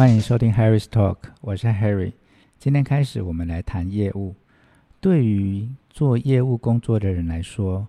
歡迎收聽 Harry's Talk，我是 Harry。今天開始，我們來談業務。對於做業務工作的人來說，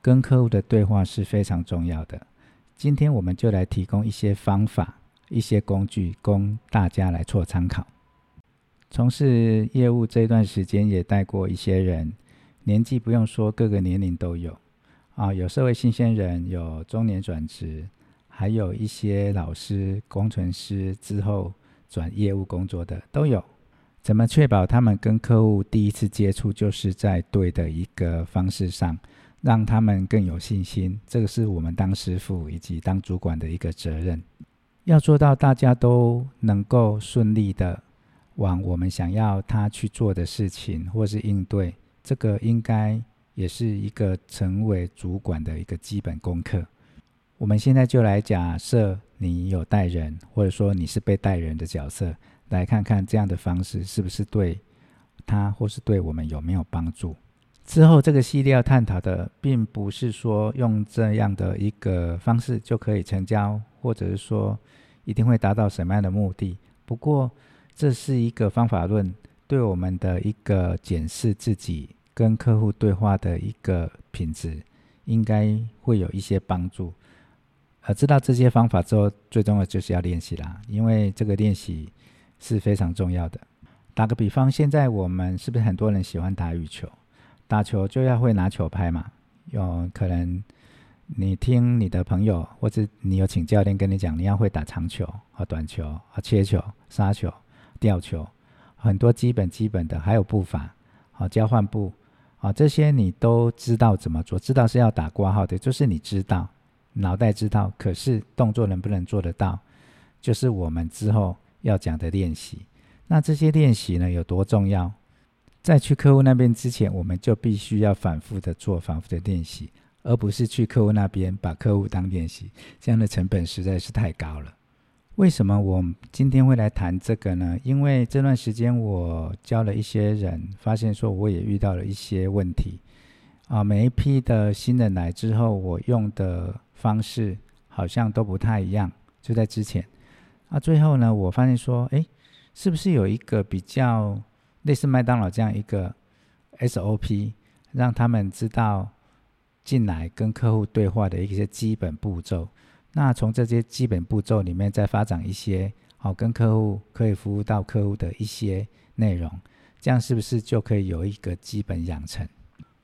跟客戶的對話是非常重要的。今天我們就來提供一些方法、一些工具，供大家來做參考。從事業務這段時間，也帶過一些人，年紀不用說，各個年齡都有啊，有社會新鮮人，有中年轉職。還有一些老師、工程師之後轉業務工作的都有，怎麼確保他們跟客戶第一次接觸就是在對的一個方式上，讓他們更有信心？這個是我們當師傅以及當主管的一個責任。要做到大家都能夠順利的往我們想要他去做的事情或是應對，這個應該也是一個成為主管的一個基本功課。我們現在就來假設你有帶人，或者說你是被帶人的角色，來看看這樣的方式是不是對他或是對我們有沒有幫助。之後這個系列要探討的，並不是說用這樣的一個方式就可以成交，或者是說一定會達到什麼樣的目的。不過，這是一個方法論，對我們的一個檢視自己跟客戶對話的一個品質，應該會有一些幫助。呃，知道這些方法之後，最重要就是要練習啦，因為這個練習是非常重要的。打個比方，現在我們是不是很多人喜歡打羽球？打球就要會拿球拍嘛。有可能你聽你的朋友，或者你有請教練跟你講，你要會打長球、和短球、切球、殺球、吊球，很多基本基本的，還有步伐，交換步，啊這些你都知道怎麼做，知道是要打掛號的，就是你知道。腦袋知道，可是動作能不能做得到，就是我們之後要講的練習。那這些練習呢，有多重要？在去客戶那邊之前，我們就必須要反覆的做，反覆的練習，而不是去客戶那邊把客戶當練習，這樣的成本實在是太高了。為什麼我今天會來談這個呢？因為這段時間我教了一些人，發現說我也遇到了一些問題。啊，每一批的新人來之後，我用的方式好像都不太一樣。就在之前，啊，最後呢，我發現說，哎，是不是有一個比較類似麥當勞這樣一個 SOP，讓他們知道進來跟客戶對話的一些基本步驟？那從這些基本步驟裡面再發展一些，哦，跟客戶可以服務到客戶的一些內容，這樣是不是就可以有一個基本養成？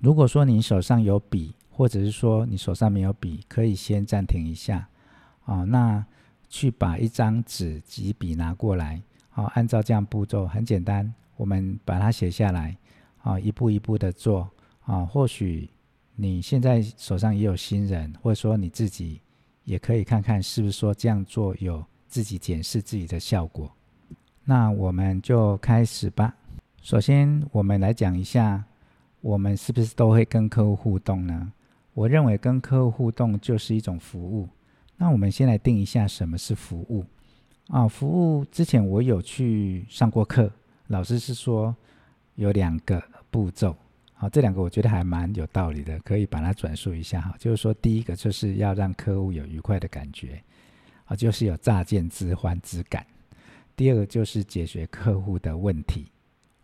如果說你手上有筆，或者是說你手上沒有筆，可以先暫停一下，啊、哦，那去把一張紙及筆拿過來，好、哦，按照這樣步驟很簡單，我們把它寫下來，啊、哦，一步一步的做，啊、哦，或許你現在手上也有新人，或者說你自己也可以看看是不是說這樣做有自己檢視自己的效果，那我們就開始吧。首先，我們來講一下。我們是不是都會跟客戶互動呢？我認為跟客戶互動就是一種服務。那我們先來定一下什麼是服務啊？服務之前我有去上過課，老師是說有兩個步驟。好，這兩個我覺得還蠻有道理的，可以把它轉述一下哈。就是說，第一個就是要讓客戶有愉快的感覺啊，就是有乍見之歡之感；第二個就是解決客戶的問題。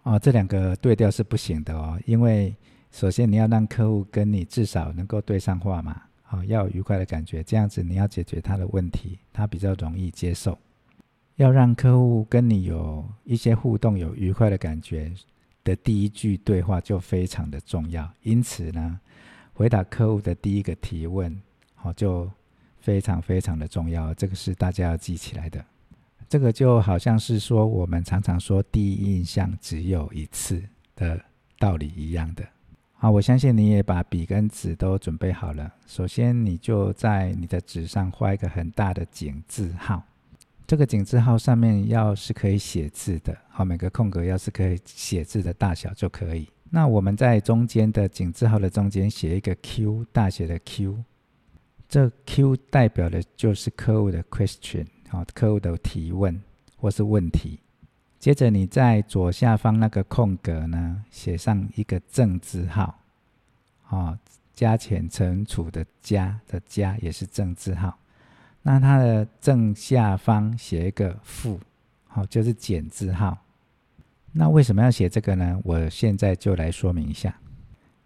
哦，這兩個對調是不行的哦，因為首先你要讓客戶跟你至少能夠對上話嘛，好、哦，要有愉快的感覺，這樣子你要解決他的問題，他比較容易接受。要讓客戶跟你有一些互動，有愉快的感覺的第一句對話就非常的重要。因此呢，回答客戶的第一個提問，好、哦，就非常非常的重要，這個是大家要記起來的。這個就好像是說，我們常常說“第一印象只有一次”的道理一樣的。好，我相信你也把筆跟紙都準備好了。首先，你就在你的紙上畫一個很大的井字號。這個井字號上面要是可以寫字的，好，每個空格要是可以寫字的大小就可以。那我們在中間的井字號的中間寫一個 Q，大寫的 Q，這 Q 代表的就是客戶的 question。好，客戶的提問或是問題，接着你在左下方那個空格呢，寫上一個正字號，哦，加減乘除的加的加也是正字號，那它的正下方寫一個負，好，就是減字號。那為什麼要寫這個呢？我現在就來說明一下。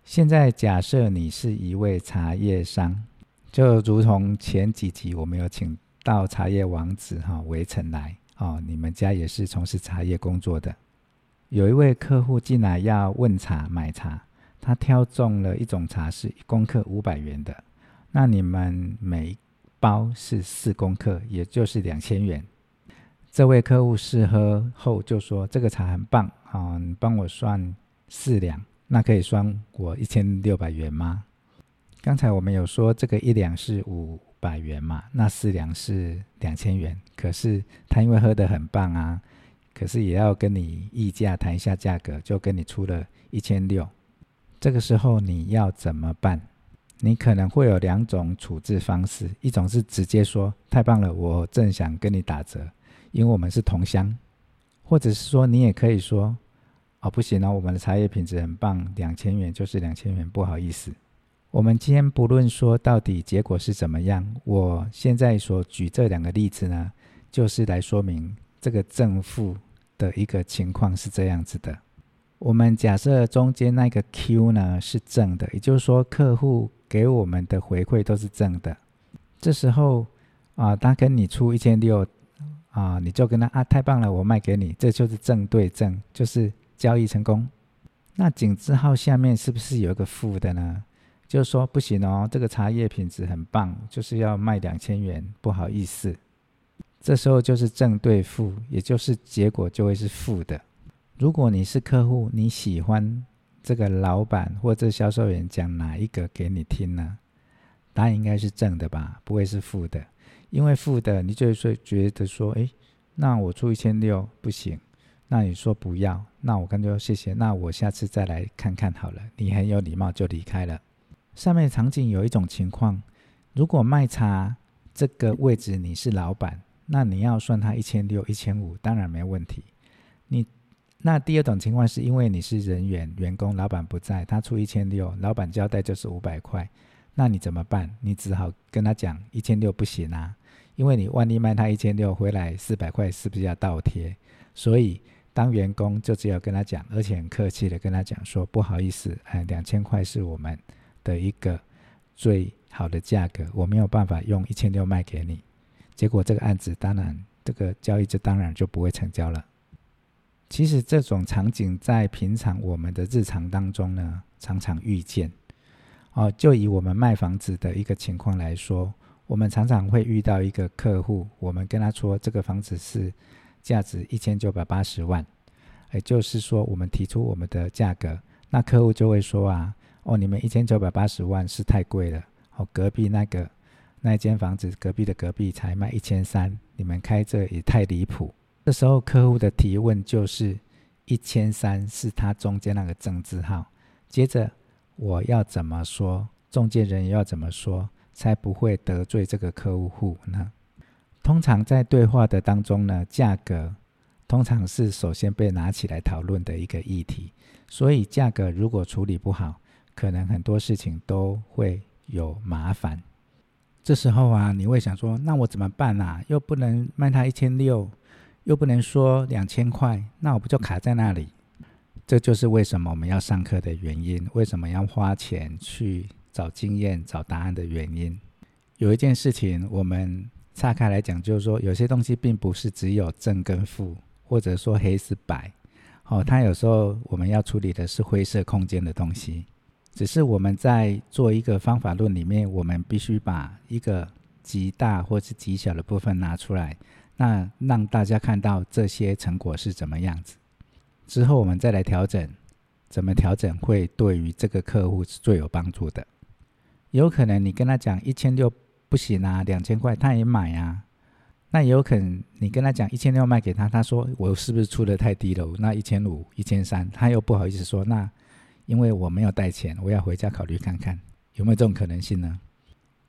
現在假設你是一位茶葉商，就如同前幾集我們有請到茶葉王子哈圍城來哦，你們家也是從事茶葉工作的。有一位客戶進來要問茶買茶，他挑中了一種茶是一公克五百元的，那你們每包是四公克，也就是兩千元。這位客戶試喝後就說這個茶很棒啊，你幫我算四兩，那可以算我一千六百元嗎？剛才我們有說這個一兩是五。百元嘛，那四兩是兩千元，可是他因為喝得很棒啊，可是也要跟你議價談一下價格，就跟你出了一千六。這個時候你要怎麼辦？你可能會有兩種處置方式，一種是直接說太棒了，我正想跟你打折，因為我們是同鄉；或者是說你也可以說，哦，不行哦，我們的茶葉品質很棒，兩千元就是兩千元，不好意思。我們今天不論說到底結果是怎麼樣，我現在所舉這兩個例子呢，就是來說明這個正負的一個情況是這樣子的。我們假設中間那個 Q 呢是正的，也就是說客戶給我們的回饋都是正的。這時候啊，他跟你出一千六啊，你就跟他啊，太棒了，我賣給你，這就是正對正，就是交易成功。那井字號下面是不是有一個負的呢？就說不行哦，這個茶葉品質很棒，就是要賣兩千元，不好意思。這時候就是正對負，也就是結果就會是負的。如果你是客戶，你喜歡這個老闆或者銷售員講哪一個給你聽呢？答案應該是正的吧，不會是負的。因為負的，你就會覺得說，哎，那我出一千六不行，那你說不要，那我跟他說：謝謝，那我下次再來看看好了。你很有禮貌就離開了。上面場景有一種情況，如果賣茶這個位置你是老板，那你要算他一千六一千五，當然沒問題。你那第二種情況是因為你是人員員工，老板不在，他出一千六，老板交代就是五百塊，那你怎麼辦？你只好跟他講一千六不行啊，因為你萬一賣他一千六回來四百塊，是不是要倒貼？所以當員工就只有跟他講，而且很客氣的跟他講說，不好意思，哎，兩千塊是我們的一個最好的價格，我沒有辦法用一千六賣給你，結果這個案子當然，這個交易就當然就不會成交了。其實這種場景在平常我們的日常當中呢，常常遇見。哦，就以我們賣房子的一個情況來說，我們常常會遇到一個客戶，我們跟他說這個房子是價值一千九百八十萬，也就是說我們提出我們的價格，那客戶就會說啊。哦，你們一千九百八十萬是太貴了。哦，隔壁那個那一間房子，隔壁的隔壁才賣一千三，你們開這也太離譜。這時候客戶的提問就是一千三是他中間那個正字號。接着我要怎麼說，中介人要怎麼說，才不會得罪這個客戶戶呢？通常在對話的當中呢，價格通常是首先被拿起來討論的一個議題，所以價格如果處理不好，可能很多事情都會有麻煩，這時候啊，你會想說：“那我怎麼辦啊？又不能賣他一千六，又不能說兩千塊，那我不就卡在那裡？”嗯。這就是為什麼我們要上課的原因，為什麼要花錢去找經驗、找答案的原因。有一件事情，我們岔開來講，就是說，有些東西並不是只有正跟負，或者說黑是白，哦，它有時候我們要處理的是灰色空間的東西。嗯。只是我們在做一個方法論裡面，我們必須把一個極大或是極小的部分拿出來，那讓大家看到這些成果是怎麼樣子。之後我們再來調整，怎麼調整會對於這個客戶是最有幫助的。有可能你跟他講一千六不行啊，兩千塊他也買啊。那也有可能你跟他講一千六賣給他，他說我是不是出得太低了？那一千五、一千三，他又不好意思說那。因為我沒有帶錢，我要回家考慮看看有沒有這種可能性呢？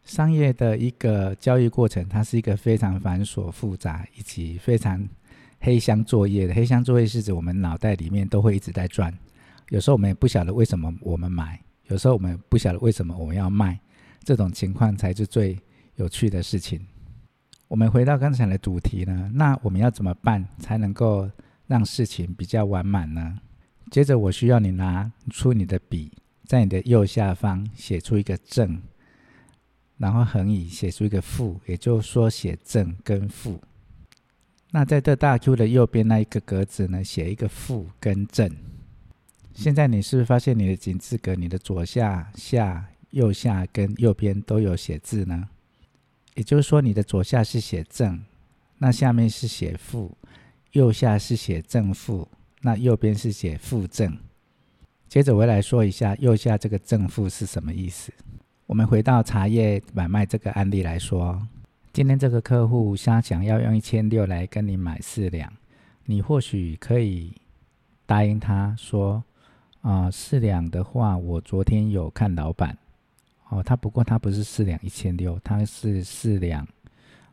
商業的一個交易過程，它是一個非常繁瑣複雜以及非常黑箱作業的。黑箱作業是指我們腦袋裡面都會一直在轉，有時候我們也不曉得為什麼我們買，有時候我們也不曉得為什麼我們要賣。這種情況才是最有趣的事情。我們回到剛才的主題呢，那我們要怎麼辦才能夠讓事情比較完滿呢？接着我需要你拿出你的筆，在你的右下方寫出一個正，然後橫移寫出一個負，也就是說寫正跟負。那在這大 Q 的右邊那一個格子呢，寫一個負跟正。現在你是不是發現你的井字格，你的左下、下、右下跟右邊都有寫字呢？也就是說，你的左下是寫正，那下面是寫負，右下是寫正負。那右邊是寫負正，接着我來說一下右下這個正負是什麼意思。我們回到茶葉買賣這個案例來說，今天這個客戶瞎想要用一千六來跟你買四兩，你或許可以答應他說：“啊，四兩的話，我昨天有看老板，哦，他不過他不是四兩一千六，他是四兩、哦，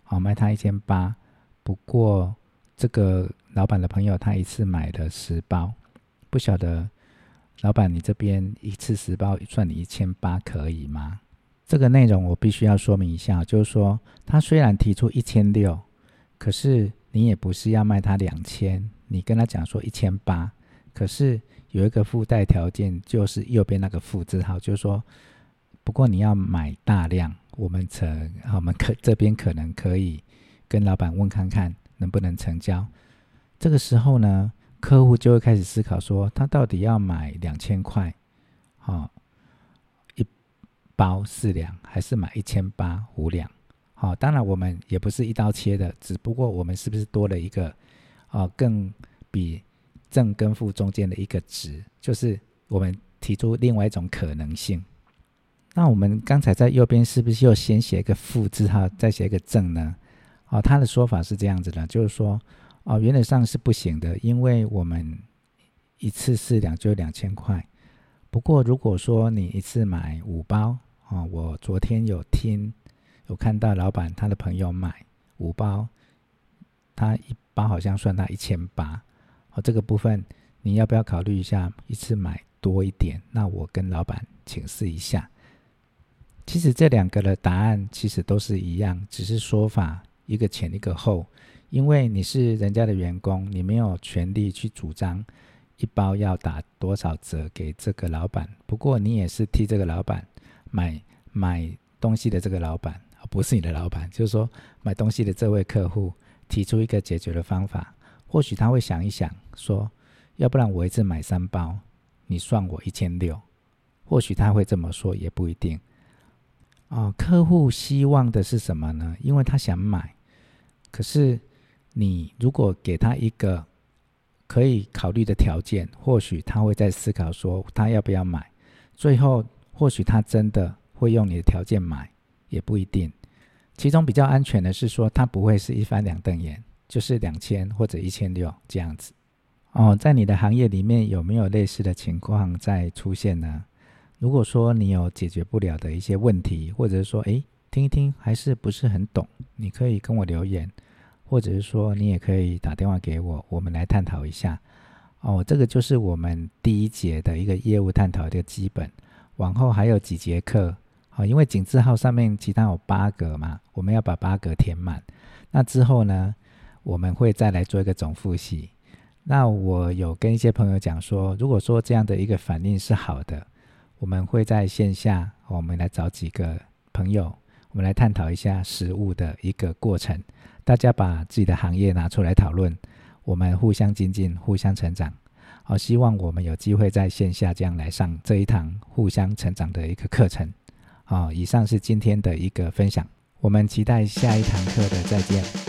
好賣他一千八。不過這個。”老闆的朋友，他一次買了十包，不曉得老闆，你這邊一次十包算你一千八可以嗎？這個內容我必須要說明一下，就是說他雖然提出一千六，可是你也不是要賣他兩千，你跟他講說一千八，可是有一個附帶條件，就是右邊那個附字號，就是說不過你要買大量，我們成，我們可這邊可能可以跟老闆問看看能不能成交。這個時候呢，客戶就會開始思考說，他到底要買兩千塊，哦，一包四兩，還是買一千八五兩？好，哦，當然我們也不是一刀切的，只不過我們是不是多了一個啊、哦，更比正跟負中間的一個值，就是我們提出另外一種可能性。那我們剛才在右邊是不是要先寫一個負字號再寫一個正呢？哦，他的說法是這樣子的，就是說。哦，原則上是不行的，因為我們一次試兩就兩千塊。不過如果說你一次買五包，啊，我昨天有聽有看到老闆他的朋友買五包，他一包好像算他一千八。哦，這個部分你要不要考慮一下，一次買多一點？那我跟老闆請示一下。其實這兩個的答案其實都是一樣，只是說法一個前一個後。因為你是人家的員工，你沒有權利去主張一包要打多少折給這個老闆。不過你也是替這個老闆買買東西的這個老闆，而、哦、不是你的老闆。就是說，買東西的這位客戶提出一個解決的方法，或許他會想一想說，說要不然我一次買三包，你算我一千六。或許他會這麼說，也不一定。啊、哦，客戶希望的是什麼呢？因為他想買，可是。你如果給他一個可以考慮的條件，或許他會在思考說他要不要買。最後，或許他真的會用你的條件買，也不一定。其中比較安全的是說，他不會是一翻兩瞪眼，就是兩千或者一千六這樣子。哦，在你的行業裡面有沒有類似的情況在出現呢？如果說你有解決不了的一些問題，或者是說，誒，聽一聽還是不是很懂，你可以跟我留言。或者是說，你也可以打電話給我，我們來探討一下。哦，這個就是我們第一節的一個業務探討的基本。往後還有幾節課，啊、哦，因為井字號上面其他有八格嘛，我們要把八格填滿。那之後呢，我們會再來做一個總複習。那我有跟一些朋友講說，如果說這樣的一個反應是好的，我們會在線下，哦、我們來找幾個朋友，我們來探討一下實務的一個過程。大家把自己的行業拿出來討論，我們互相精進，互相成長。好、哦，希望我們有機會在線下這樣來上這一堂互相成長的一個課程。好、哦，以上是今天的一個分享，我們期待下一堂課的再見。